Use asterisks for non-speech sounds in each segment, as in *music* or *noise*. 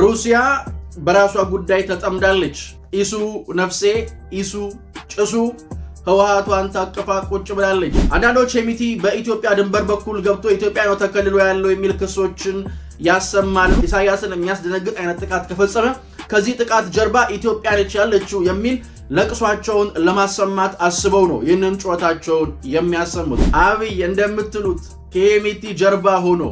ሩሲያ በራሷ ጉዳይ ተጠምዳለች። ኢሱ ነፍሴ ኢሱ ጭሱ ህወሓቷን ታቅፋ ቁጭ ብላለች። አንዳንዶች ሄሚቲ በኢትዮጵያ ድንበር በኩል ገብቶ ኢትዮጵያ ነው ተከልሎ ያለው የሚል ክሶችን ያሰማሉ። ኢሳያስን የሚያስደነግጥ አይነት ጥቃት ከፈጸመ ከዚህ ጥቃት ጀርባ ኢትዮጵያ ነች ያለችው የሚል ለቅሷቸውን ለማሰማት አስበው ነው ይህንን ጩኸታቸውን የሚያሰሙት። አብይ እንደምትሉት ከሄሚቲ ጀርባ ሆኖ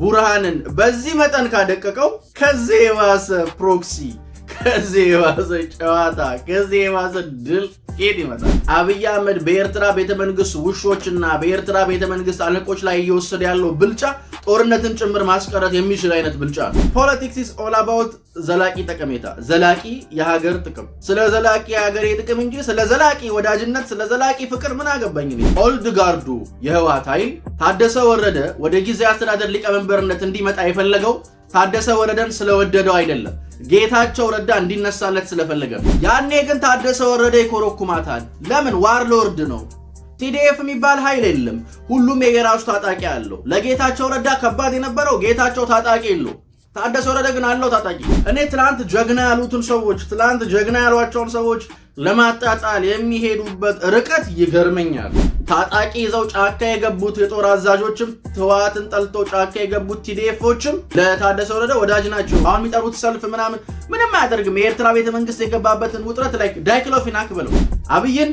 ቡርሃንን በዚህ መጠን ካደቀቀው ከዚህ የባሰ ፕሮክሲ ከዚህ የባሰ ጨዋታ ከዚህ የባሰ ድል ቄድ ይመጣል? አብይ አህመድ በኤርትራ ቤተመንግስት ውሾችና በኤርትራ ቤተመንግስት አለቆች ላይ እየወሰደ ያለው ብልጫ ጦርነትን ጭምር ማስቀረት የሚችል አይነት ብልጫ ነው። ፖለቲክስ ኢዝ ኦል አባውት ዘላቂ ጠቀሜታ፣ ዘላቂ የሀገር ጥቅም። ስለ ዘላቂ የሀገር ጥቅም እንጂ ስለ ዘላቂ ወዳጅነት፣ ስለ ዘላቂ ፍቅር ምን አገባኝ እኔ። ኦልድ ጋርዱ የህወሓት ኃይል ታደሰ ወረደ ወደ ጊዜያዊ አስተዳደር ሊቀመንበርነት እንዲመጣ የፈለገው ታደሰ ወረደን ስለወደደው አይደለም ጌታቸው ረዳ እንዲነሳለት ስለፈለገ ያኔ ግን ታደሰ ወረደ ይኮረኩማታል። ለምን ዋርሎርድ ነው። ቲዲኤፍ የሚባል ኃይል የለም። ሁሉም የራሱ ታጣቂ አለው። ለጌታቸው ረዳ ከባድ የነበረው ጌታቸው ታጣቂ የለው ታደሰ ወረደ ግን አለው ታጣቂ። እኔ ትላንት ጀግና ያሉትን ሰዎች ትላንት ጀግና ያሏቸውን ሰዎች ለማጣጣል የሚሄዱበት ርቀት ይገርመኛል። ታጣቂ ይዘው ጫካ የገቡት የጦር አዛዦችም ህወሓትን ጠልተው ጫካ የገቡት ቲዲኤፎችም ለታደሰ ወረደ ወዳጅ ናቸው። አሁን የሚጠሩት ሰልፍ ምናምን ምንም አያደርግም። የኤርትራ ቤተ መንግስት የገባበትን ውጥረት ላይ ዳይክሎፊናክ ብለው አብይን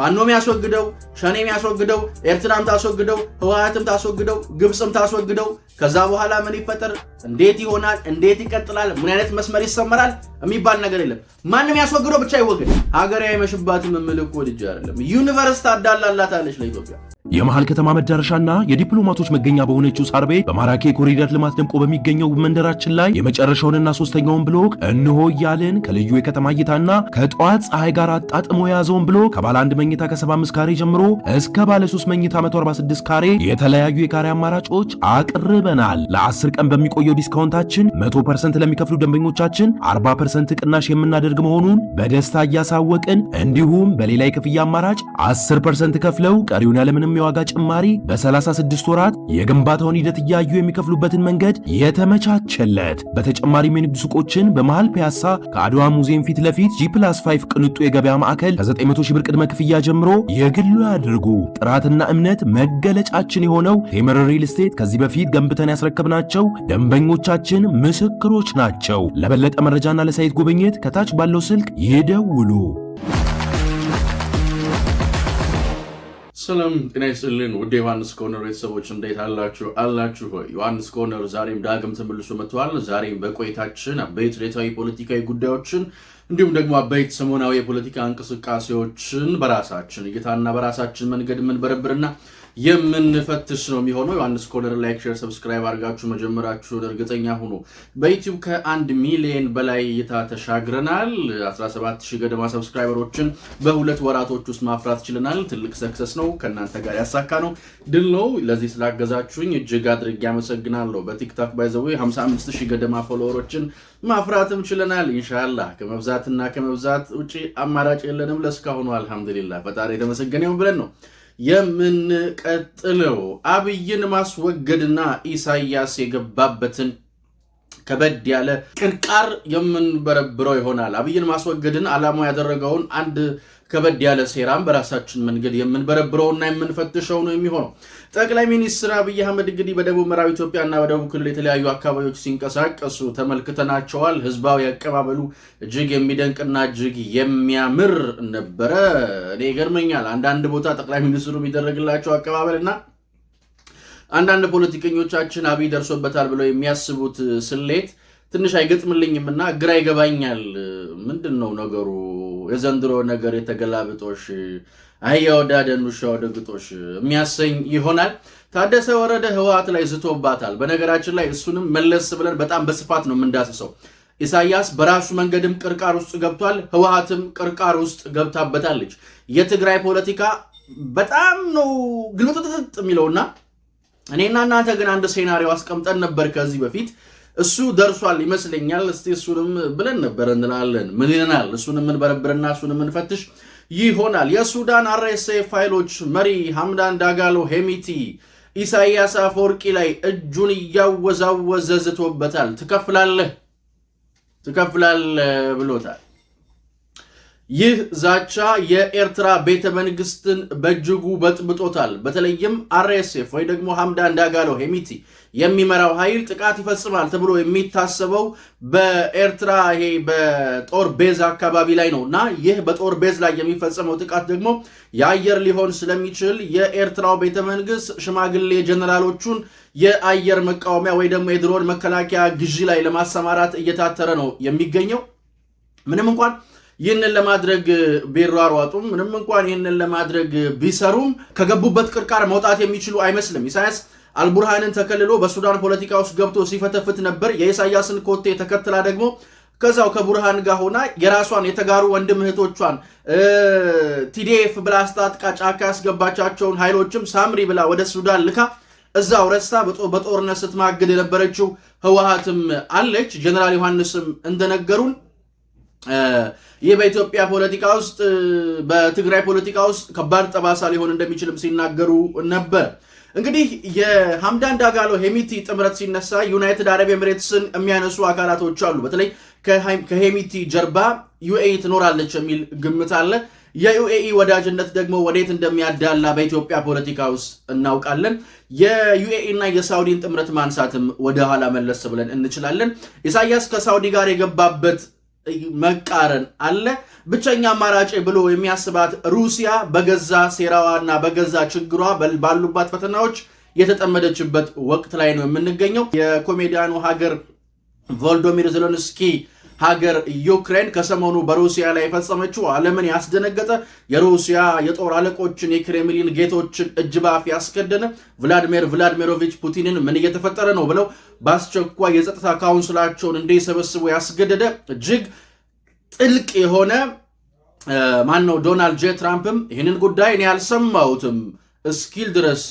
ፋኖ የሚያስወግደው ሸኔ ያስወግደው፣ ኤርትራም ታስወግደው፣ ህወሀትም ታስወግደው፣ ግብፅም ታስወግደው። ከዛ በኋላ ምን ይፈጠር? እንዴት ይሆናል? እንዴት ይቀጥላል? ምን አይነት መስመር ይሰመራል? የሚባል ነገር የለም። ማንም ያስወግደው ብቻ ይወግድ። ሀገር አይመሽባትም። ምልኮ ልጅ አይደለም ዩኒቨርስቲ አዳላላታለች ለኢትዮጵያ የመሃል ከተማ መዳረሻና የዲፕሎማቶች መገኛ በሆነችው ሳርቤ በማራኪ ኮሪደር ልማት ደምቆ በሚገኘው መንደራችን ላይ የመጨረሻውንና ሶስተኛውን ብሎክ እንሆ እያልን ከልዩ የከተማ እይታና ከጠዋት ፀሐይ ጋር አጣጥሞ የያዘውን ብሎክ ከባለ አንድ መኝታ ከ75 ካሬ ጀምሮ እስከ ባለ 3 መኝታ 146 ካሬ የተለያዩ የካሬ አማራጮች አቅርበናል። ለ10 ቀን በሚቆየው ዲስካውንታችን 100% ለሚከፍሉ ደንበኞቻችን 40% ቅናሽ የምናደርግ መሆኑን በደስታ እያሳወቅን እንዲሁም በሌላ የክፍያ አማራጭ 10% ከፍለው ቀሪውን ያለምንም የዋጋ ጭማሪ በ36 ወራት የግንባታውን ሂደት እያዩ የሚከፍሉበትን መንገድ የተመቻቸለት። በተጨማሪም የንግድ ሱቆችን በመሃል ፒያሳ ከአድዋ ሙዚየም ፊት ለፊት G+5 ቅንጡ የገበያ ማዕከል ከ900 ሺህ ብር ቅድመ ክፍያ ጀምሮ የግሉ ያድርጉ። ጥራትና እምነት መገለጫችን የሆነው ቴምር ሪል ስቴት ከዚህ በፊት ገንብተን ያስረከብናቸው ደንበኞቻችን ምስክሮች ናቸው። ለበለጠ መረጃና ለሳይት ጉብኝት ከታች ባለው ስልክ ይደውሉ። ሰላም ጤና ይስጥልን ውድ ዮሐንስ ኮርነር ቤተሰቦች እንዴት አላችሁ? አላችሁ ሆይ ዮሐንስ ኮርነር ዛሬም ዳግም ተመልሶ መጥቷል። ዛሬም በቆይታችን አበይት ዕለታዊ ፖለቲካዊ ጉዳዮችን እንዲሁም ደግሞ አበይት ሰሞናዊ የፖለቲካ እንቅስቃሴዎችን በራሳችን እይታና በራሳችን መንገድ የምንበረብርና የምንፈትሽ ነው የሚሆነው። ዮሐንስ ኮርነር ላይክ፣ ሼር፣ ሰብስክራይብ አድርጋችሁ መጀመራችሁን እርግጠኛ ሁኑ። በዩቲዩብ ከአንድ ሚሊዮን በላይ እይታ ተሻግረናል። 17 ሺህ ገደማ ሰብስክራይበሮችን በሁለት ወራቶች ውስጥ ማፍራት ችለናል። ትልቅ ሰክሰስ ነው። ከእናንተ ጋር ያሳካ ነው፣ ድል ነው። ለዚህ ስላገዛችሁኝ እጅግ አድርጌ አመሰግናለሁ። በቲክታክ ባይዘዌ 55 ሺህ ገደማ ፎሎወሮችን ማፍራትም ችለናል። እንሻላ ከመብዛትና ከመብዛት ውጭ አማራጭ የለንም። ለእስካሁኑ አልሐምዱሊላ ፈጣሪ የተመሰገነ ብለን ነው የምንቀጥለው አብይን ማስወገድና ኢሳያስ የገባበትን ከበድ ያለ ቅርቃር የምንበረብረው ይሆናል። አብይን ማስወገድን ዓላማው ያደረገውን አንድ ከበድ ያለ ሴራም በራሳችን መንገድ የምንበረብረውና የምንፈትሸው ነው የሚሆነው። ጠቅላይ ሚኒስትር አብይ አህመድ እንግዲህ በደቡብ ምዕራብ ኢትዮጵያና በደቡብ ክልል የተለያዩ አካባቢዎች ሲንቀሳቀሱ ተመልክተናቸዋል። ህዝባዊ አቀባበሉ እጅግ የሚደንቅና እጅግ የሚያምር ነበረ። እኔ ይገርመኛል አንዳንድ ቦታ ጠቅላይ ሚኒስትሩ የሚደረግላቸው አቀባበልና አንዳንድ ፖለቲከኞቻችን አብይ ደርሶበታል ብለው የሚያስቡት ስሌት ትንሽ አይገጥምልኝም እና ግራ ይገባኛል። ምንድን ነው ነገሩ? የዘንድሮ ነገር የተገላብጦሽ አህያ ወዳደን ውሻ ወደግጦሽ የሚያሰኝ ይሆናል። ታደሰ ወረደ ህወሓት ላይ ዝቶባታል። በነገራችን ላይ እሱንም መለስ ብለን በጣም በስፋት ነው የምንዳስሰው። ኢሳያስ በራሱ መንገድም ቅርቃር ውስጥ ገብቷል፣ ህወሓትም ቅርቃር ውስጥ ገብታበታለች። የትግራይ ፖለቲካ በጣም ነው ግልጥጥጥ የሚለውና እኔና እናንተ ግን አንድ ሴናሪዮ አስቀምጠን ነበር ከዚህ በፊት እሱ ደርሷል ይመስለኛል። እስቲ እሱንም ብለን ነበር እንላለን። ምን ይለናል? እሱን የምንበረብርና እሱን የምንፈትሽ ይሆናል። የሱዳን አርኤስኤፍ ኃይሎች መሪ ሐምዳን ዳጋሎ ሄሚቲ ኢሳያስ አፈወርቂ ላይ እጁን እያወዛወዘ ዝቶበታል። ትከፍላለህ ትከፍላለህ ብሎታል። ይህ ዛቻ የኤርትራ ቤተ መንግስትን በእጅጉ በጥብጦታል። በተለይም አርኤስኤፍ ወይ ደግሞ ሐምዳን ዳጋሎ ሄሚቲ የሚመራው ኃይል ጥቃት ይፈጽማል ተብሎ የሚታሰበው በኤርትራ ይሄ በጦር ቤዝ አካባቢ ላይ ነው እና ይህ በጦር ቤዝ ላይ የሚፈጸመው ጥቃት ደግሞ የአየር ሊሆን ስለሚችል የኤርትራው ቤተመንግስት ሽማግሌ ጀነራሎቹን የአየር መቃወሚያ ወይ ደግሞ የድሮን መከላከያ ግዢ ላይ ለማሰማራት እየታተረ ነው የሚገኘው። ምንም እንኳን ይህንን ለማድረግ ቢሯሯጡም፣ ምንም እንኳን ይህንን ለማድረግ ቢሰሩም ከገቡበት ቅርቃር መውጣት የሚችሉ አይመስልም ኢሳያስ አልቡርሃንን ተከልሎ በሱዳን ፖለቲካ ውስጥ ገብቶ ሲፈተፍት ነበር። የኢሳያስን ኮቴ ተከትላ ደግሞ ከዛው ከቡርሃን ጋር ሆና የራሷን የተጋሩ ወንድም እህቶቿን ቲዲኤፍ ብላ አስታጥቃ ጫካ ያስገባቻቸውን ኃይሎችም ሳምሪ ብላ ወደ ሱዳን ልካ እዛው ረስታ በጦርነት ስትማግድ የነበረችው ህወሀትም አለች። ጀነራል ዮሐንስም እንደነገሩን ይህ በኢትዮጵያ ፖለቲካ ውስጥ በትግራይ ፖለቲካ ውስጥ ከባድ ጠባሳ ሊሆን እንደሚችልም ሲናገሩ ነበር። እንግዲህ የሐምዳን ዳጋሎ ሄሚቲ ጥምረት ሲነሳ ዩናይትድ አረብ ኤምሬትስን የሚያነሱ አካላቶች አሉ። በተለይ ከሄሚቲ ጀርባ ዩኤኢ ትኖራለች የሚል ግምት አለ። የዩኤኢ ወዳጅነት ደግሞ ወዴት እንደሚያዳላ በኢትዮጵያ ፖለቲካ ውስጥ እናውቃለን። የዩኤኢ እና የሳውዲን ጥምረት ማንሳትም ወደኋላ መለስ ብለን እንችላለን። ኢሳያስ ከሳውዲ ጋር የገባበት መቃረን አለ። ብቸኛ አማራጭ ብሎ የሚያስባት ሩሲያ በገዛ ሴራዋና በገዛ ችግሯ ባሉባት ፈተናዎች የተጠመደችበት ወቅት ላይ ነው የምንገኘው። የኮሜዲያኑ ሀገር ቮልዶሚር ዘለንስኪ ሀገር ዩክሬን ከሰሞኑ በሩሲያ ላይ የፈጸመችው ዓለምን ያስደነገጠ የሩሲያ የጦር አለቆችን የክሬምሊን ጌቶችን እጅ ባፍ ያስከደነ ቭላድሚር ቭላድሚሮቪች ፑቲንን ምን እየተፈጠረ ነው ብለው በአስቸኳይ የጸጥታ ካውንስላቸውን እንዲሰበስቡ ያስገደደ እጅግ ጥልቅ የሆነ ማን ነው ዶናልድ ጄ ትራምፕም ይህንን ጉዳይ እኔ አልሰማሁትም እስኪል ድረስ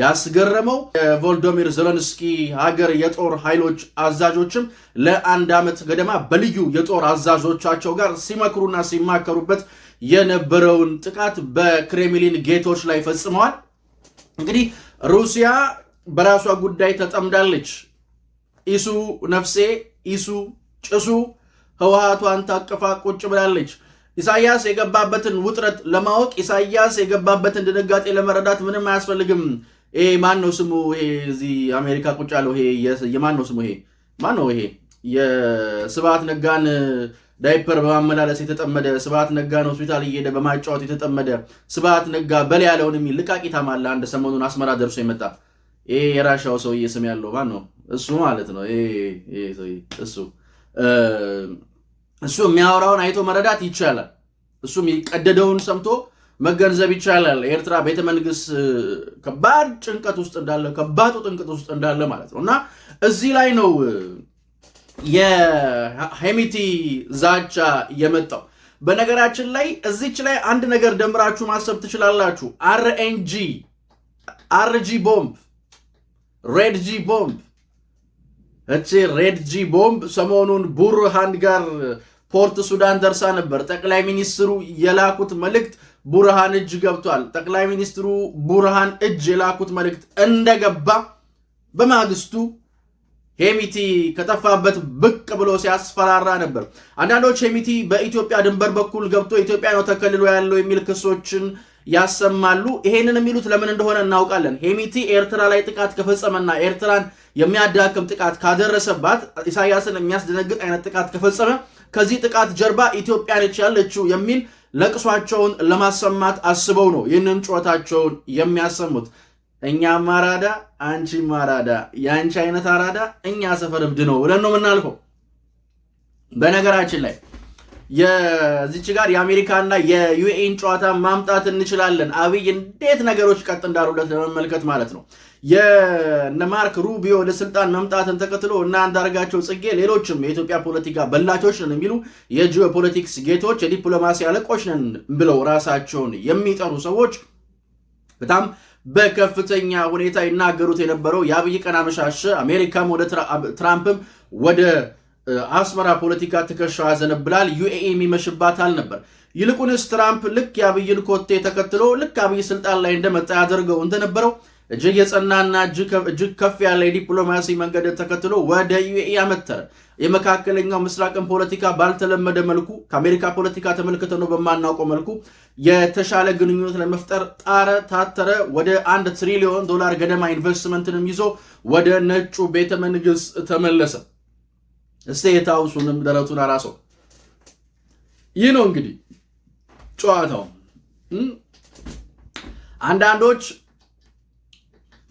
ያስገረመው የቮልዶሚር ዘለንስኪ ሀገር የጦር ኃይሎች አዛዦችም ለአንድ ዓመት ገደማ በልዩ የጦር አዛዦቻቸው ጋር ሲመክሩና ሲማከሩበት የነበረውን ጥቃት በክሬምሊን ጌቶች ላይ ፈጽመዋል። እንግዲህ ሩሲያ በራሷ ጉዳይ ተጠምዳለች። ኢሱ ነፍሴ ኢሱ ጭሱ ህወሓቷን ታቅፋ ቁጭ ብላለች። ኢሳያስ የገባበትን ውጥረት ለማወቅ ኢሳያስ የገባበትን ድንጋጤ ለመረዳት ምንም አያስፈልግም። ይሄ ማን ነው ስሙ? ይሄ እዚህ አሜሪካ ቁጭ ያለው ይሄ የማን ነው ስሙ? ይሄ ማን ነው ይሄ? የስብሐት ነጋን ዳይፐር በማመላለስ የተጠመደ ስብሐት ነጋን ሆስፒታል እየሄደ በማጫወት የተጠመደ ስብሐት ነጋ በል ያለውን የሚል ልቃቂታ ማለ አንድ ሰሞኑን አስመራ ደርሶ የመጣ ይሄ የራሻው ሰውዬ ስም ያለው ማን ነው? እሱ ማለት ነው። እሱ እሱ የሚያወራውን አይቶ መረዳት ይቻላል። እሱም የቀደደውን ሰምቶ መገንዘብ ይቻላል የኤርትራ ቤተመንግስት ከባድ ጭንቀት ውስጥ እንዳለ ከባዱ ጥንቅት ውስጥ እንዳለ ማለት ነው እና እዚህ ላይ ነው የሄሚቲ ዛቻ የመጣው። በነገራችን ላይ እዚች ላይ አንድ ነገር ደምራችሁ ማሰብ ትችላላችሁ። አርኤንጂ አርጂ ቦምብ ሬድጂ ቦምብ እቺ ሬድጂ ቦምብ ሰሞኑን ቡርሃን ጋር ፖርት ሱዳን ደርሳ ነበር። ጠቅላይ ሚኒስትሩ የላኩት መልእክት ቡርሃን እጅ ገብቷል። ጠቅላይ ሚኒስትሩ ቡርሃን እጅ የላኩት መልእክት እንደገባ በማግስቱ ሄሚቲ ከጠፋበት ብቅ ብሎ ሲያስፈራራ ነበር። አንዳንዶች ሄሚቲ በኢትዮጵያ ድንበር በኩል ገብቶ ኢትዮጵያ ነው ተከልሎ ያለው የሚል ክሶችን ያሰማሉ። ይሄንን የሚሉት ለምን እንደሆነ እናውቃለን። ሄሚቲ ኤርትራ ላይ ጥቃት ከፈጸመና ኤርትራን የሚያዳክም ጥቃት ካደረሰባት፣ ኢሳያስን የሚያስደነግጥ አይነት ጥቃት ከፈጸመ ከዚህ ጥቃት ጀርባ ኢትዮጵያ ነች ያለችው የሚል ለቅሷቸውን ለማሰማት አስበው ነው ይህንን ጩኸታቸውን የሚያሰሙት። እኛም አራዳ አንቺም አራዳ የአንቺ አይነት አራዳ እኛ ሰፈር እብድ ነው ብለን ነው የምናልፈው። በነገራችን ላይ የዚች ጋር የአሜሪካና የዩኤን ጨዋታ ማምጣት እንችላለን። አብይ እንዴት ነገሮች ቀጥ እንዳሉለት ለመመልከት ማለት ነው። የነ ማርክ ሩቢዮ ወደ ስልጣን መምጣትን ተከትሎ እና አንዳርጋቸው ጽጌ ሌሎችም የኢትዮጵያ ፖለቲካ በላቾች ነን የሚሉ የጂኦ ፖለቲክስ ጌቶች የዲፕሎማሲ አለቆች ነን ብለው ራሳቸውን የሚጠሩ ሰዎች በጣም በከፍተኛ ሁኔታ ይናገሩት የነበረው የአብይ ቀን አመሻሸ አሜሪካም ወደ ትራምፕም ወደ አስመራ ፖለቲካ ትከሻ ያዘነብላል፣ ዩኤኢ የሚመሽባታል ነበር። ይልቁንስ ትራምፕ ልክ የአብይን ኮቴ ተከትሎ ልክ አብይ ስልጣን ላይ እንደመጣ ያደርገው እንደነበረው እጅግ የጸናና እጅግ ከፍ ያለ የዲፕሎማሲ መንገድ ተከትሎ ወደ ዩኤኢ አመተረ። የመካከለኛው ምስራቅን ፖለቲካ ባልተለመደ መልኩ ከአሜሪካ ፖለቲካ ተመልክተ ነው በማናውቀው መልኩ የተሻለ ግንኙነት ለመፍጠር ጣረ፣ ታተረ። ወደ አንድ ትሪሊዮን ዶላር ገደማ ኢንቨስትመንትንም ይዞ ወደ ነጩ ቤተ መንግስት ተመለሰ። ስቴት የታውሱንም ደረቱን አራሰው። ይህ ነው እንግዲህ ጨዋታው። አንዳንዶች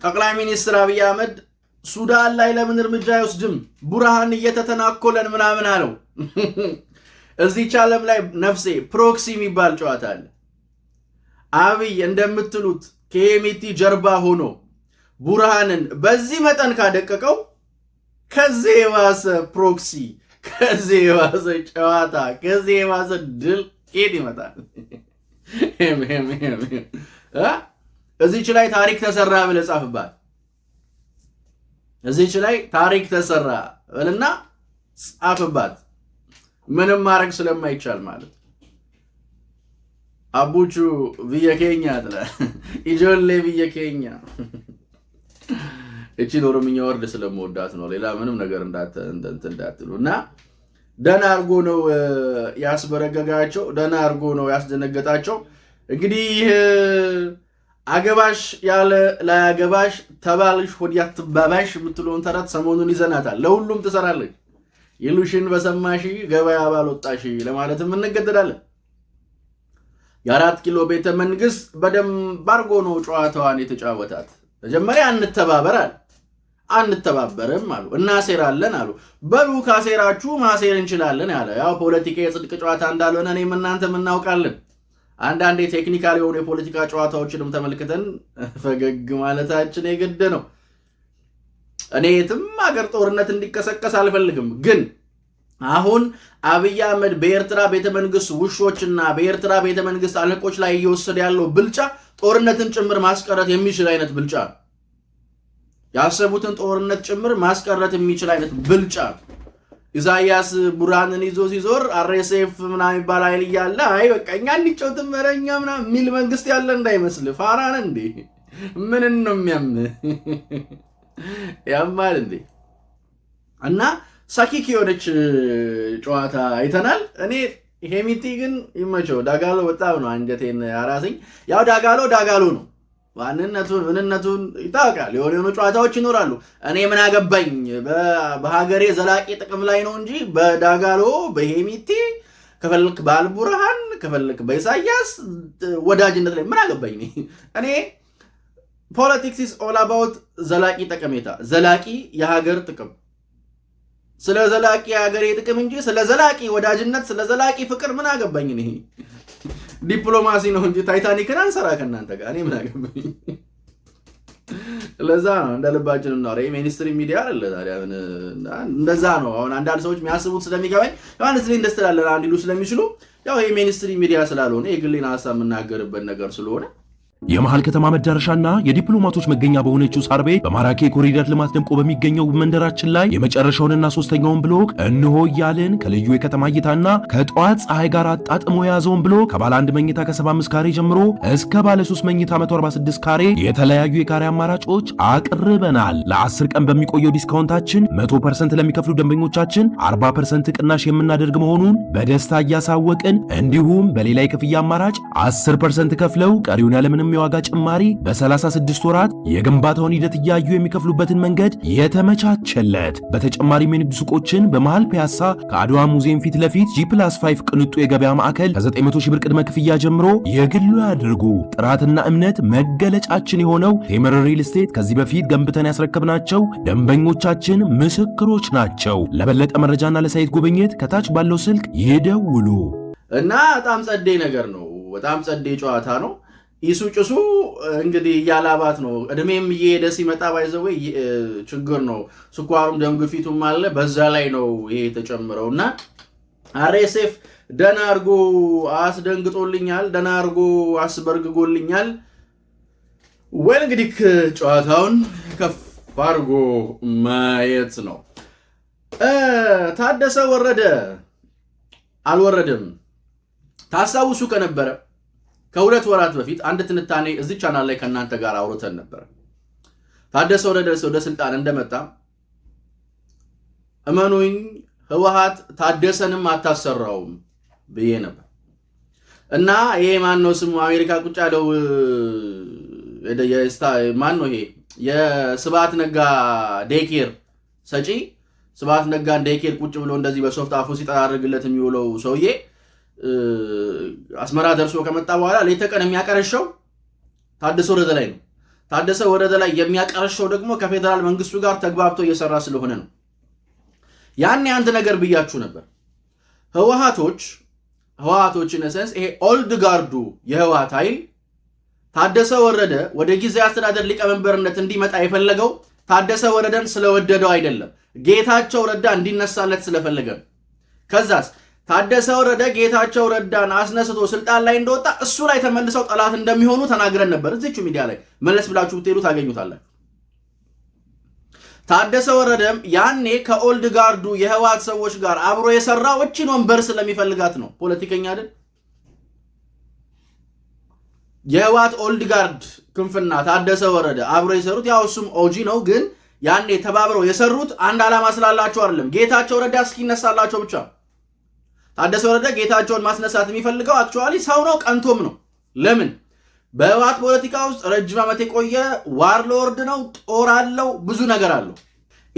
ጠቅላይ ሚኒስትር አብይ አህመድ ሱዳን ላይ ለምን እርምጃ አይወስድም? ቡርሃን እየተተናኮለን ምናምን አለው። *laughs* እዚች ዓለም ላይ ነፍሴ ፕሮክሲ የሚባል ጨዋታ አለ። አብይ እንደምትሉት ከሄሜቲ ጀርባ ሆኖ ቡርሃንን በዚህ መጠን ካደቀቀው ከዚህ የባሰ ፕሮክሲ፣ ከዚህ የባሰ ጨዋታ፣ ከዚህ የባሰ ድል ቄድ ይመጣል። *laughs* እዚች ላይ ታሪክ ተሰራ ብለ ጻፍባት። እዚች ላይ ታሪክ ተሰራ በልና ጻፍባት። ምንም ማድረግ ስለማይቻል ማለት አቡቹ ብየኬኛ ትለ *laughs* ኢጆሌ ብየኬኛ። *laughs* እቺን ኦሮምኛ ወርድ ስለመወዳት ነው። ሌላ ምንም ነገር እንዳትሉ እና ደህና አድርጎ ነው ያስበረገጋቸው፣ ደህና አድርጎ ነው ያስደነገጣቸው። እንግዲህ አገባሽ ያለ ላያገባሽ ተባልሽ ሆድ አትባባሽ የምትለውን ተረት ሰሞኑን ይዘናታል። ለሁሉም ትሰራለች። ይሉሽን በሰማሽ ገበያ ባልወጣሽ ለማለትም እንገደዳለን። የአራት ኪሎ ቤተ መንግስት በደንብ አድርጎ ነው ጨዋታዋን የተጫወታት። መጀመሪያ አንተባበር አለ። አንተባበርም አሉ፣ እናሴራለን አሉ። በሉ ካሴራችሁ ማሴር እንችላለን ያለ ያው ፖለቲካ የጽድቅ ጨዋታ እንዳልሆነ እኔም እናንተም እናውቃለን። አንዳንድ ቴክኒካል የሆኑ የፖለቲካ ጨዋታዎችንም ተመልክተን ፈገግ ማለታችን የግድ ነው። እኔ የትም ሀገር ጦርነት እንዲቀሰቀስ አልፈልግም፣ ግን አሁን አብይ አህመድ በኤርትራ ቤተመንግስት ውሾችና በኤርትራ ቤተመንግስት አለቆች ላይ እየወሰደ ያለው ብልጫ ጦርነትን ጭምር ማስቀረት የሚችል አይነት ብልጫ ነው። ያሰቡትን ጦርነት ጭምር ማስቀረት የሚችል አይነት ብልጫ ነው። ኢሳያስ ቡርሃንን ይዞ ሲዞር አርኤስኤፍ ምናምን የሚባል ኃይል እያለ አይ በቃ እኛ እንጮትም ኧረ እኛ ምናምን የሚል መንግስት ያለ እንዳይመስል ፋራን እንዴ ምንን ነው የሚያም ያማል እንዴ እና ሳኪክ የሆነች ጨዋታ አይተናል። እኔ ሄሚቲ ግን ይመቸው ዳጋሎ በጣም ነው አንጀቴን አራስኝ። ያው ዳጋሎ ዳጋሎ ነው ዋንነቱን ምንነቱን ይታወቃል። የሆነ የሆኑ ጨዋታዎች ይኖራሉ። እኔ ምን አገባኝ፣ በሀገሬ ዘላቂ ጥቅም ላይ ነው እንጂ በዳጋሎ በሄሚቲ ከፈልክ በአልቡርሃን ከፈልክ በኢሳያስ ወዳጅነት ላይ ምን አገባኝ። *laughs* እኔ ፖለቲክስ ኢስ ኦል አባውት ዘላቂ ጠቀሜታ፣ ዘላቂ የሀገር ጥቅም ስለ ዘላቂ የሀገሬ ጥቅም እንጂ ስለ ዘላቂ ወዳጅነት፣ ስለ ዘላቂ ፍቅር ምን አገባኝ እኔ ዲፕሎማሲ ነው እንጂ ታይታኒክን አንሰራ ከእናንተ ጋር እኔ ምን አገባኝ። ለዛ ነው እንደ ልባችን እናወራ። ሚኒስትሪ ሚዲያ አለ ታዲያ እንደዛ ነው። አሁን አንዳንድ ሰዎች የሚያስቡት ስለሚገባኝ ማለት ኢንዱስትሪ አለን አንድ ሊሉ ስለሚችሉ ያው ይህ ሚኒስትሪ ሚዲያ ስላልሆነ የግሌን ሀሳብ የምናገርበት ነገር ስለሆነ የመሃል ከተማ መዳረሻና የዲፕሎማቶች መገኛ በሆነችው ሳርቤይ በማራኪ የኮሪደር ልማት ደምቆ በሚገኘው መንደራችን ላይ የመጨረሻውንና ሶስተኛውን ብሎክ እንሆ እያልን ከልዩ የከተማ እይታና ከጠዋት ፀሐይ ጋር አጣጥሞ የያዘውን ብሎክ ከባለ አንድ መኝታ ከ75 ካሬ ጀምሮ እስከ ባለ 3 መኝታ 146 ካሬ የተለያዩ የካሬ አማራጮች አቅርበናል። ለ10 ቀን በሚቆየው ዲስካውንታችን 100% ለሚከፍሉ ደንበኞቻችን 40% ቅናሽ የምናደርግ መሆኑን በደስታ እያሳወቅን እንዲሁም በሌላ የክፍያ አማራጭ 10% ከፍለው ቀሪውን ያለምንም የዋጋ ጭማሪ በ36 ወራት የግንባታውን ሂደት እያዩ የሚከፍሉበትን መንገድ የተመቻቸለት። በተጨማሪም የንግድ ሱቆችን በመሃል ፒያሳ ከአድዋ ሙዚየም ፊት ለፊት G+5 ቅንጡ የገበያ ማዕከል ከ900 ሺህ ብር ቅድመ ክፍያ ጀምሮ የግሉ ያድርጉ። ጥራትና እምነት መገለጫችን የሆነው ቴምር ሪል ስቴት ከዚህ በፊት ገንብተን ያስረከብናቸው ደንበኞቻችን ምስክሮች ናቸው። ለበለጠ መረጃና ለሳይት ጉብኝት ከታች ባለው ስልክ ይደውሉ። እና በጣም ጸዴ ነገር ነው። በጣም ጸዴ ጨዋታ ነው። ይሱ ጭሱ እንግዲህ እያላባት ነው። እድሜም እየሄደ ሲመጣ ባይዘዌ ችግር ነው። ስኳሩም ደም ግፊቱም አለ። በዛ ላይ ነው ይሄ የተጨምረው እና አርኤስኤፍ ደህና አድርጎ አስደንግጦልኛል። ደህና አድርጎ አስበርግጎልኛል። ወይ እንግዲህ ጨዋታውን ከፍ አድርጎ ማየት ነው። ታደሰ ወረደ አልወረደም ታስታውሱ ከነበረ ከሁለት ወራት በፊት አንድ ትንታኔ እዚህ ቻናል ላይ ከእናንተ ጋር አውርተን ነበር። ታደሰ ወረደ ወደ ስልጣን እንደመጣ እመኑኝ ህወሓት ታደሰንም አታሰራውም ብዬ ነበር እና ይሄ ማን ነው ስሙ አሜሪካ ቁጭ ያለው ማን ነው ይሄ የስብሐት ነጋ ዴኬር ሰጪ ስብሐት ነጋን ዴኬር ቁጭ ብሎ እንደዚህ በሶፍት አፉ ሲጠራርግለት የሚውለው ሰውዬ አስመራ ደርሶ ከመጣ በኋላ ሌት ተቀን የሚያቀረሸው ታደሰ ወረደ ላይ ነው። ታደሰ ወረደ ላይ የሚያቀረሸው ደግሞ ከፌዴራል መንግስቱ ጋር ተግባብቶ እየሰራ ስለሆነ ነው። ያኔ አንድ ነገር ብያችሁ ነበር። ህወሃቶች ህወሃቶች ነሰንስ ይሄ ኦልድ ጋርዱ የህወሃት ኃይል ታደሰ ወረደ ወደ ጊዜያዊ አስተዳደር ሊቀመንበርነት እንዲመጣ የፈለገው ታደሰ ወረደን ስለወደደው አይደለም፣ ጌታቸው ረዳ እንዲነሳለት ስለፈለገ ከዛስ ታደሰ ወረደ ጌታቸው ረዳን አስነስቶ ስልጣን ላይ እንደወጣ እሱ ላይ ተመልሰው ጠላት እንደሚሆኑ ተናግረን ነበር። እዚቹ ሚዲያ ላይ መለስ ብላችሁ ብትሄዱ ታገኙታላችሁ። ታደሰ ወረደም ያኔ ከኦልድ ጋርዱ የህወሓት ሰዎች ጋር አብሮ የሰራው እችን ወንበር ስለሚፈልጋት ነው። ፖለቲከኛ አይደል? የህወሓት ኦልድ ጋርድ ክንፍና ታደሰ ወረደ አብሮ የሰሩት ያው እሱም ኦጂ ነው፣ ግን ያኔ ተባብረው የሰሩት አንድ ዓላማ ስላላቸው አይደለም። ጌታቸው ረዳ እስኪነሳላቸው ብቻ ታደሰ ወረደ ጌታቸውን ማስነሳት የሚፈልገው አክቹዋሊ ሰው ነው፣ ቀንቶም ነው። ለምን በህወሓት ፖለቲካ ውስጥ ረጅም ዓመት የቆየ ዋርሎርድ ነው። ጦር አለው፣ ብዙ ነገር አለው።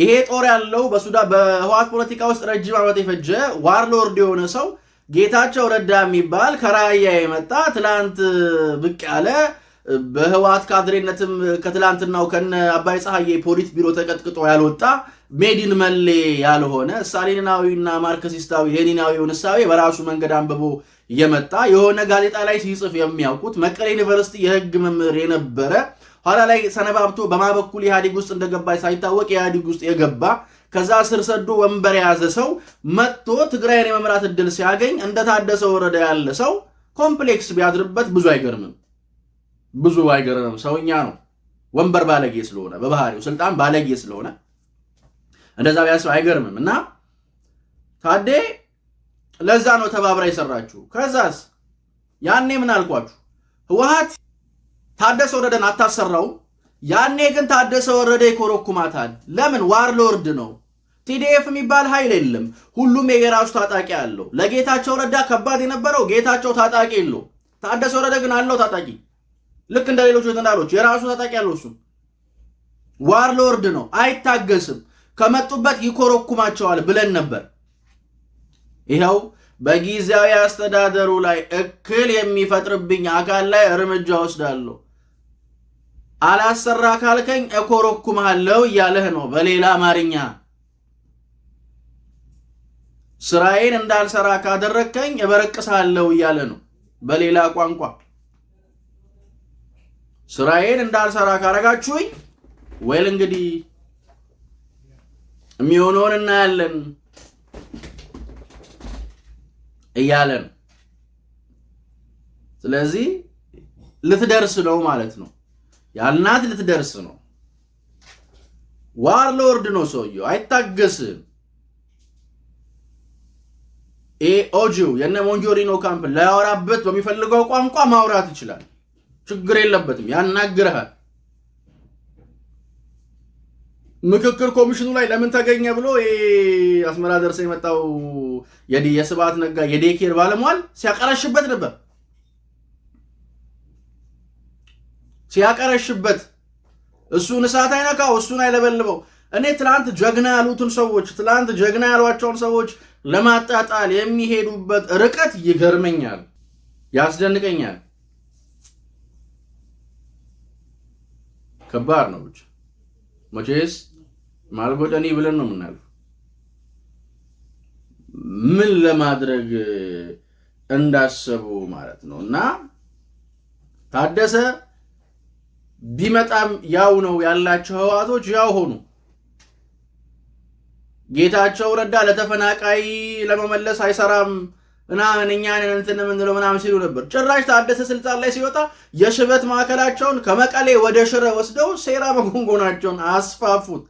ይሄ ጦር ያለው በሱዳን በህወሓት ፖለቲካ ውስጥ ረጅም ዓመት የፈጀ ዋርሎርድ የሆነ ሰው ጌታቸው ረዳ የሚባል ከራያ የመጣ ትላንት ብቅ ያለ በህወሓት ካድሬነትም ከትላንትናው ከነ አባይ ፀሐዬ ፖሊት ቢሮ ተቀጥቅጦ ያልወጣ ሜዲን መሌ ያልሆነ ስታሊናዊና ማርክሲስታዊ ሌኒናዊውን እሳቤ በራሱ መንገድ አንብቦ የመጣ የሆነ ጋዜጣ ላይ ሲጽፍ የሚያውቁት መቀሌ ዩኒቨርሲቲ የህግ መምህር የነበረ ኋላ ላይ ሰነባብቶ በማበኩል ኢህአዲግ ውስጥ እንደገባ ሳይታወቅ ኢህአዲግ ውስጥ የገባ ከዛ ስር ሰዶ ወንበር የያዘ ሰው መጥቶ ትግራይን የመምራት እድል ሲያገኝ እንደ ታደሰ ወረደ ያለ ሰው ኮምፕሌክስ ቢያድርበት ብዙ አይገርምም። ብዙ አይገርምም። ሰውኛ ነው። ወንበር ባለጌ ስለሆነ በባህሪው ስልጣን ባለጌ ስለሆነ እንደዛ ቢያስብ አይገርምም። እና ታዴ ለዛ ነው ተባብራ የሰራችሁ። ከዛስ ያኔ ምን አልኳችሁ? ህወሓት ታደሰ ወረደን አታሰራው። ያኔ ግን ታደሰ ወረደ ይኮረኩማታል። ለምን ዋርሎርድ ነው። ቲዲኤፍ የሚባል ኃይል የለም። ሁሉም የራሱ ታጣቂ አለው። ለጌታቸው ረዳ ከባድ የነበረው ጌታቸው ታጣቂ የለው፣ ታደሰ ወረደ ግን አለው ታጣቂ። ልክ እንደ ሌሎች የራሱ ታጣቂ አለው። እሱም ዋርሎርድ ነው፣ አይታገስም። ከመጡበት ይኮረኩማቸዋል ብለን ነበር። ይኸው በጊዜያዊ አስተዳደሩ ላይ እክል የሚፈጥርብኝ አካል ላይ እርምጃ ወስዳለሁ፣ አላሰራ ካልከኝ እኮረኩምሃለሁ እያለህ ነው። በሌላ አማርኛ ስራዬን እንዳልሰራ ካደረግከኝ እበረቅሳለሁ እያለ ነው። በሌላ ቋንቋ ስራዬን እንዳልሰራ ካረጋችሁኝ ወይል እንግዲህ የሚሆነውን እናያለን እያለ ነው። ስለዚህ ልትደርስ ነው ማለት ነው። ያልናት ልትደርስ ነው። ዋር ሎርድ ነው ሰውየው፣ አይታገስም። ኦጂው የነ ሞንጆሪኖ ካምፕ ላያወራበት በሚፈልገው ቋንቋ ማውራት ይችላል። ችግር የለበትም። ያናግርሃል ምክክር ኮሚሽኑ ላይ ለምን ተገኘ ብሎ አስመራ ደርሰ የመጣው የስብዓት ነጋ የዴኬር ባለሟል ሲያቀረሽበት ነበር ሲያቀረሽበት እሱን እሳት አይነካው፣ እሱን አይለበልበው። እኔ ትላንት ጀግና ያሉትን ሰዎች ትላንት ጀግና ያሏቸውን ሰዎች ለማጣጣል የሚሄዱበት ርቀት ይገርመኛል፣ ያስደንቀኛል። ከባድ ነው ብቻ መቼስ ማልጎደኒ ብለን ነው የምናልፍ። ምን ለማድረግ እንዳሰቡ ማለት ነው። እና ታደሰ ቢመጣም ያው ነው ያላቸው ህዋቶች ያው ሆኑ። ጌታቸው ረዳ ለተፈናቃይ ለመመለስ አይሰራም ምናምን እኛን እንትን የምንለው ምናምን ሲሉ ነበር። ጭራሽ ታደሰ ስልጣን ላይ ሲወጣ የሽበት ማዕከላቸውን ከመቀሌ ወደ ሽረ ወስደው ሴራ መጎንጎናቸውን አስፋፉት።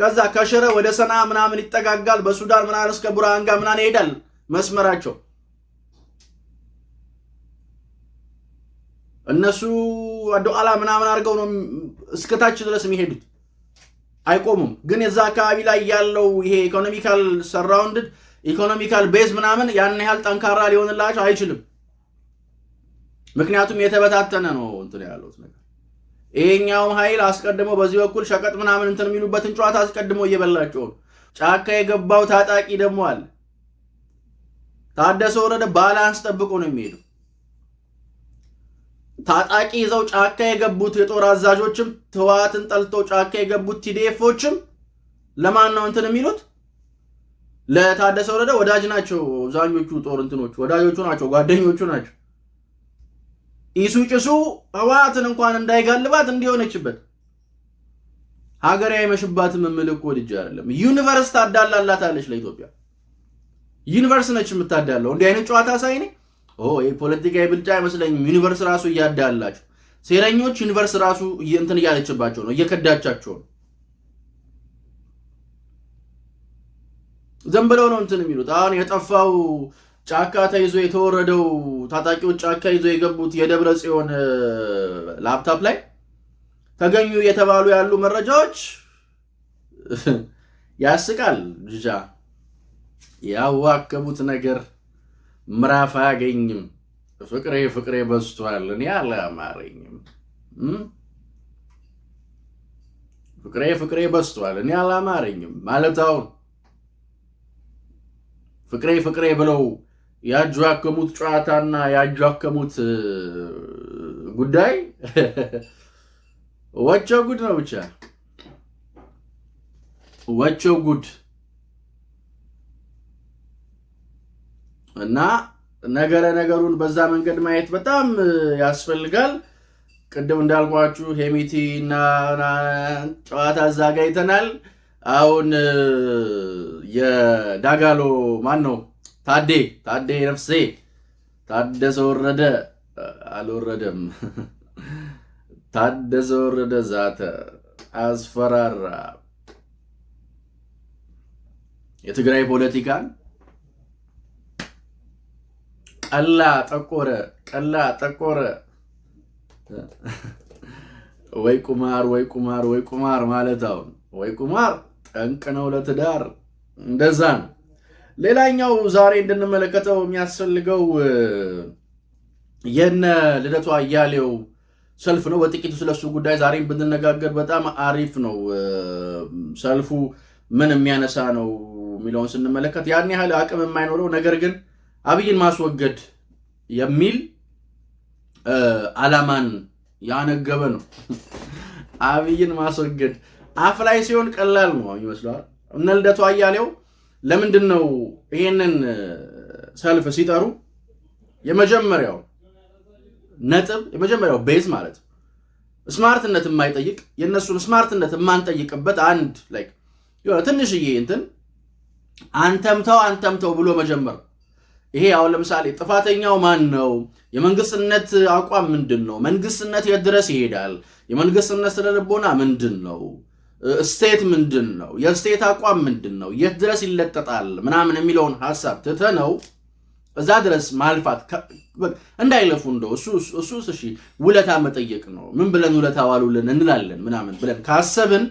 ከዛ ከሽረ ወደ ሰና ምናምን ይጠጋጋል። በሱዳን ምናምን እስከ ቡርሃን ጋር ምናምን ይሄዳል መስመራቸው። እነሱ አዶአላ ምናምን አድርገው ነው እስከታች ድረስ የሚሄዱት አይቆሙም። ግን የዛ አካባቢ ላይ ያለው ይሄ ኢኮኖሚካል ሰራውንድድ ኢኮኖሚካል ቤዝ ምናምን ያን ያህል ጠንካራ ሊሆንላቸው አይችልም። ምክንያቱም የተበታተነ ነው እንትን ያሉት ነገር ይሄኛውም ኃይል አስቀድሞ በዚህ በኩል ሸቀጥ ምናምን እንትን የሚሉበትን ጨዋታ አስቀድሞ እየበላቸው ነው። ጫካ የገባው ታጣቂ ደግሞ አለ። ታደሰ ወረደ ባላንስ ጠብቆ ነው የሚሄደው። ታጣቂ ይዘው ጫካ የገቡት የጦር አዛዦችም ትዋትን ጠልተው ጫካ የገቡት ቲዲኤፎችም ለማን ነው እንትን የሚሉት? ለታደሰ ወረደ ወዳጅ ናቸው። አብዛኞቹ ጦር እንትኖቹ ወዳጆቹ ናቸው፣ ጓደኞቹ ናቸው። ኢሱ ጭሱ ህወሓትን እንኳን እንዳይጋልባት እንዲሆነችበት ሀገር አይመሽባትም የምልህ እኮ ልጅ አይደለም። ዩኒቨርስ ታዳላላታለች ለኢትዮጵያ ዩኒቨርስ ነች የምታዳለው። እንዲህ አይነት ጨዋታ ሳይ ሳይኔ ፖለቲካዊ ብልጫ አይመስለኝም። ዩኒቨርስ ራሱ እያዳላቸው ሴረኞች ዩኒቨርስ ራሱ እንትን እያለችባቸው ነው፣ እየከዳቻቸው ነው። ዝም ብለው ነው እንትን የሚሉት። አሁን የጠፋው ጫካ ተይዞ የተወረደው ታጣቂዎች ጫካ ይዞ የገቡት የደብረ ጽዮን ላፕታፕ ላይ ተገኙ የተባሉ ያሉ መረጃዎች *laughs* ያስቃል። ጃ ያዋከቡት ነገር ምራፍ አያገኝም። ፍቅሬ ፍቅሬ በዝቷል፣ እኔ አላማረኝም። ፍቅሬ ፍቅሬ በዝቷል፣ እኔ አላማረኝም ማለት አሁን ፍቅሬ ፍቅሬ ብለው ያጇከሙት ጨዋታና ያጇከሙት ጉዳይ *laughs* ወቸው ጉድ ነው። ብቻ ወቸው ጉድ እና ነገረ ነገሩን በዛ መንገድ ማየት በጣም ያስፈልጋል። ቅድም እንዳልኳችሁ ሄሚቲ እና ጨዋታ እዛ ጋይተናል አሁን የዳጋሎ ማን ነው? ታዴ ታዴ ነፍሴ ታደሰ ወረደ አልወረደም። *laughs* ታደሰ ወረደ ዛተ፣ አስፈራራ። የትግራይ ፖለቲካን ቀላ ጠቆረ፣ ቀላ ጠቆረ። *laughs* ወይ ቁማር ወይ ቁማር ወይ ቁማር ማለት አሁን ወይ ቁማር ጠንቅ ነው ለትዳር እንደዛ ነው። ሌላኛው ዛሬ እንድንመለከተው የሚያስፈልገው የነ ልደቱ አያሌው ሰልፍ ነው። በጥቂቱ ስለሱ ጉዳይ ዛሬም ብንነጋገር በጣም አሪፍ ነው። ሰልፉ ምን የሚያነሳ ነው የሚለውን ስንመለከት ያን ያህል አቅም የማይኖረው ነገር ግን አብይን ማስወገድ የሚል አላማን ያነገበ ነው። አብይን ማስወገድ አፍ ላይ ሲሆን ቀላል ነው ይመስለዋል። እነ ልደቱ አያሌው ለምንድን ነው ይሄንን ሰልፍ ሲጠሩ የመጀመሪያው ነጥብ የመጀመሪያው ቤዝ ማለት ስማርትነት የማይጠይቅ የእነሱን ስማርትነት የማንጠይቅበት አንድ ላይክ የሆነ ትንሽዬ እንትን አንተምተው አንተምተው ብሎ መጀመር ይሄ አሁን ለምሳሌ ጥፋተኛው ማን ነው? የመንግስትነት አቋም ምንድን ነው? መንግስትነት የት ድረስ ይሄዳል? የመንግስትነት ስለልቦና ምንድን ነው? ስቴት ምንድን ነው? የስቴት አቋም ምንድን ነው? የት ድረስ ይለጠጣል ምናምን የሚለውን ሀሳብ ትተነው እዛ ድረስ ማልፋት እንዳይለፉ እንደው እሱ እሺ ውለታ መጠየቅ ነው። ምን ብለን ውለታ ዋሉልን እንላለን ምናምን ብለን ካሰብን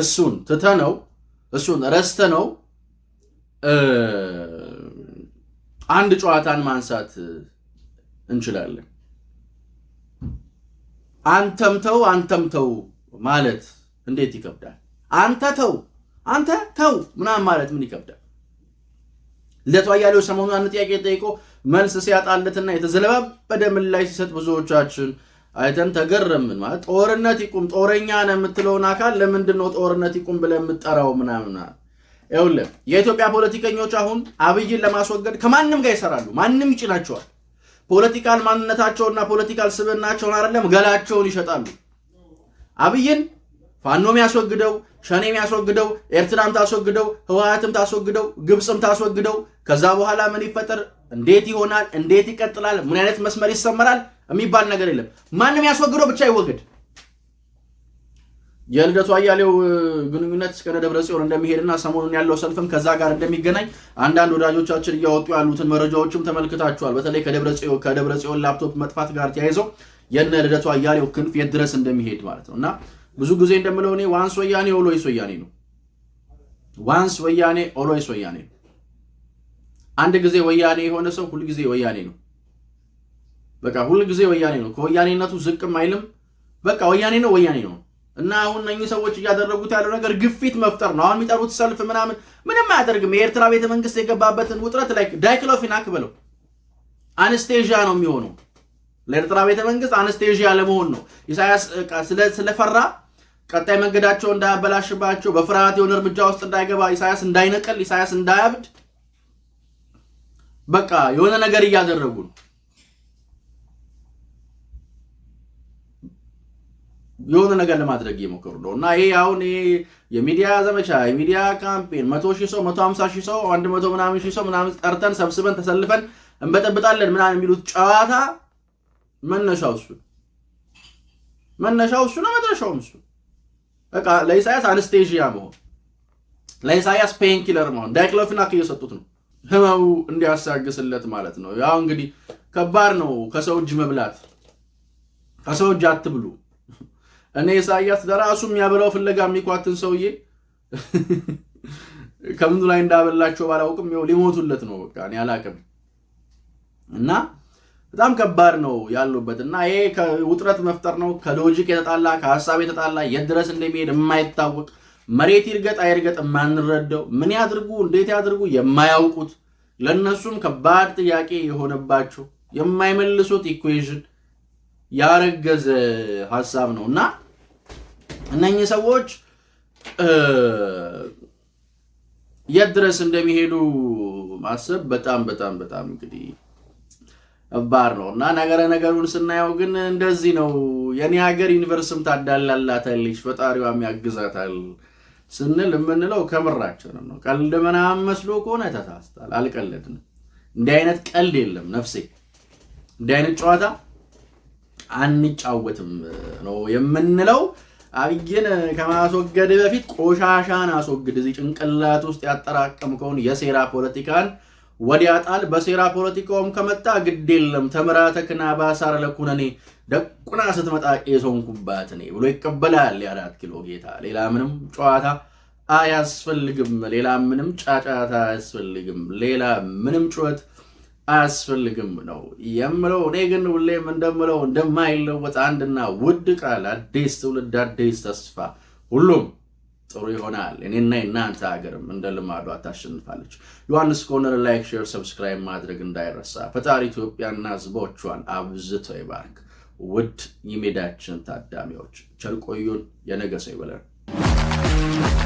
እሱን ትተነው እሱን ረስተነው አንድ ጨዋታን ማንሳት እንችላለን። አንተምተው አንተምተው ማለት እንዴት ይከብዳል? አንተ ተው አንተ ተው ምናምን ማለት ምን ይከብዳል? ልደቱ አያሌው ሰሞኑን አንድ ጥያቄ ጠይቆ መልስ ሲያጣለትና የተዘለባበደ ምላሽ ሲሰጥ ብዙዎቻችን አይተን ተገረምን። ማለት ጦርነት ይቁም ጦረኛ ነው የምትለውን አካል ለምንድን ነው ጦርነት ይቁም ብለህ የምጠራው? ምናምን ይኸውልህ፣ የኢትዮጵያ ፖለቲከኞች አሁን አብይን ለማስወገድ ከማንም ጋር ይሰራሉ፣ ማንም ይጭናቸዋል። ፖለቲካል ማንነታቸውና ፖለቲካል ስብናቸው አይደለም ገላቸውን ይሸጣሉ። አብይን ፋኖም ያስወግደው፣ ሸኔም ያስወግደው፣ ኤርትራም ታስወግደው፣ ህወሀትም ታስወግደው፣ ግብፅም ታስወግደው። ከዛ በኋላ ምን ይፈጠር? እንዴት ይሆናል? እንዴት ይቀጥላል? ምን አይነት መስመር ይሰመራል? የሚባል ነገር የለም። ማንም ያስወግደው ብቻ ይወግድ? የልደቱ አያሌው ግንኙነት እስከነ ደብረ ጽዮን እንደሚሄድና ሰሞኑን ያለው ሰልፍም ከዛ ጋር እንደሚገናኝ አንዳንድ ወዳጆቻችን እያወጡ ያሉትን መረጃዎችም ተመልክታችኋል። በተለይ ከደብረ ጽዮን ላፕቶፕ መጥፋት ጋር ተያይዘው የነ ልደቱ አያሌው ክንፍ የት ድረስ እንደሚሄድ ማለት ነው እና ብዙ ጊዜ እንደምለው እኔ ዋንስ ወያኔ ኦልዌይስ ወያኔ ነው። ዋንስ ወያኔ ኦልዌይስ ወያኔ ነው። አንድ ጊዜ ወያኔ የሆነ ሰው ሁል ጊዜ ወያኔ ነው። በቃ ሁል ጊዜ ወያኔ ነው። ከወያኔነቱ ዝቅም አይልም። በቃ ወያኔ ነው፣ ወያኔ ነው። እና አሁን እነኚህ ሰዎች እያደረጉት ያለው ነገር ግፊት መፍጠር ነው። አሁን የሚጠሩት ሰልፍ ምናምን ምንም አያደርግም። የኤርትራ ቤተ መንግስት የገባበትን ውጥረት ላይ ዳይክሎፊናክ ብለው አነስቴዥያ ነው የሚሆነው ለኤርትራ ቤተ መንግስት አነስቴዥያ ለመሆን ነው ኢሳያስ ስለፈራ ቀጣይ መንገዳቸው እንዳያበላሽባቸው በፍርሃት የሆነ እርምጃ ውስጥ እንዳይገባ ኢሳያስ እንዳይነቅል ኢሳያስ እንዳያብድ በቃ የሆነ ነገር እያደረጉ ነው። የሆነ ነገር ለማድረግ እየሞከሩ ነው እና ይሄ አሁን የሚዲያ ዘመቻ የሚዲያ ካምፔን መቶ ሺህ ሰው መቶ ሀምሳ ሺህ ሰው አንድ መቶ ምናምን ሺህ ሰው ምናምን ጠርተን ሰብስበን ተሰልፈን እንበጠብጣለን ምናምን የሚሉት ጨዋታ መነሻው እሱ መነሻው እሱ ነው መድረሻውም እሱ በቃ ለኢሳያስ አነስቴዥያ መሆን ለኢሳያስ ፔንኪለር መሆን ዳይክሎፊናክ እየሰጡት ነው፣ ህመሙ እንዲያሳግስለት ማለት ነው። ያው እንግዲህ ከባድ ነው ከሰው እጅ መብላት። ከሰው እጅ አትብሉ። እኔ ኢሳያስ ለራሱ የሚያበላው ፍለጋ የሚኳትን ሰውዬ ከምንቱ ላይ እንዳበላቸው ባላውቅም ሊሞቱለት ነው። በቃ እኔ አላቅም እና በጣም ከባድ ነው ያሉበት እና ይሄ ከውጥረት መፍጠር ነው። ከሎጂክ የተጣላ ከሀሳብ የተጣላ የት ድረስ እንደሚሄድ የማይታወቅ መሬት ይርገጥ አይርገጥ የማንረዳው ምን ያድርጉ እንዴት ያድርጉ የማያውቁት ለእነሱም ከባድ ጥያቄ የሆነባቸው የማይመልሱት ኢኩዌዥን ያረገዘ ሀሳብ ነው እና እነኚህ ሰዎች የት ድረስ እንደሚሄዱ ማሰብ በጣም በጣም በጣም እንግዲህ ባር ነው እና ነገረ ነገሩን ስናየው ግን እንደዚህ ነው። የኔ ሀገር ዩኒቨርስም ታዳላላታለች ፈጣሪዋም ያግዛታል ስንል የምንለው ከምራችንም ነው። ቀልድ ምናምን መስሎ ከሆነ ተሳስታል። አልቀለድንም። እንዲህ አይነት ቀልድ የለም ነፍሴ። እንዲህ አይነት ጨዋታ አንጫወትም ነው የምንለው። አብይን ከማስወገድ በፊት ቆሻሻን አስወግድ። እዚህ ጭንቅላት ውስጥ ያጠራቀምከውን የሴራ ፖለቲካን ወዲያ ጣል በሴራ ፖለቲካውም ከመጣ ግድ የለም ተምራተ ክና ባሳር ለኩነኔ ደቁና ስትመጣ የሰውንኩባት እኔ ብሎ ይቀበላል። የአራት ኪሎ ጌታ ሌላ ምንም ጨዋታ አያስፈልግም። ሌላ ምንም ጫጫታ አያስፈልግም። ሌላ ምንም ጩኸት አያስፈልግም ነው የምለው። እኔ ግን ሁሌም እንደምለው እንደማይለወጥ አንድና ውድ ቃል አዲስ ትውልድ አዲስ ተስፋ ሁሉም ጥሩ ይሆናል። እኔና የእናንተ ሀገርም እንደ ልማዷ ታሸንፋለች። ዮሐንስ ኮርነር ላይክ፣ ሼር፣ ሰብስክራይብ ማድረግ እንዳይረሳ። ፈጣሪ ኢትዮጵያና ሕዝቦቿን አብዝቶ ይባርክ። ውድ የሜዳችን ታዳሚዎች ቸልቆዩን የነገሰ ይበለን።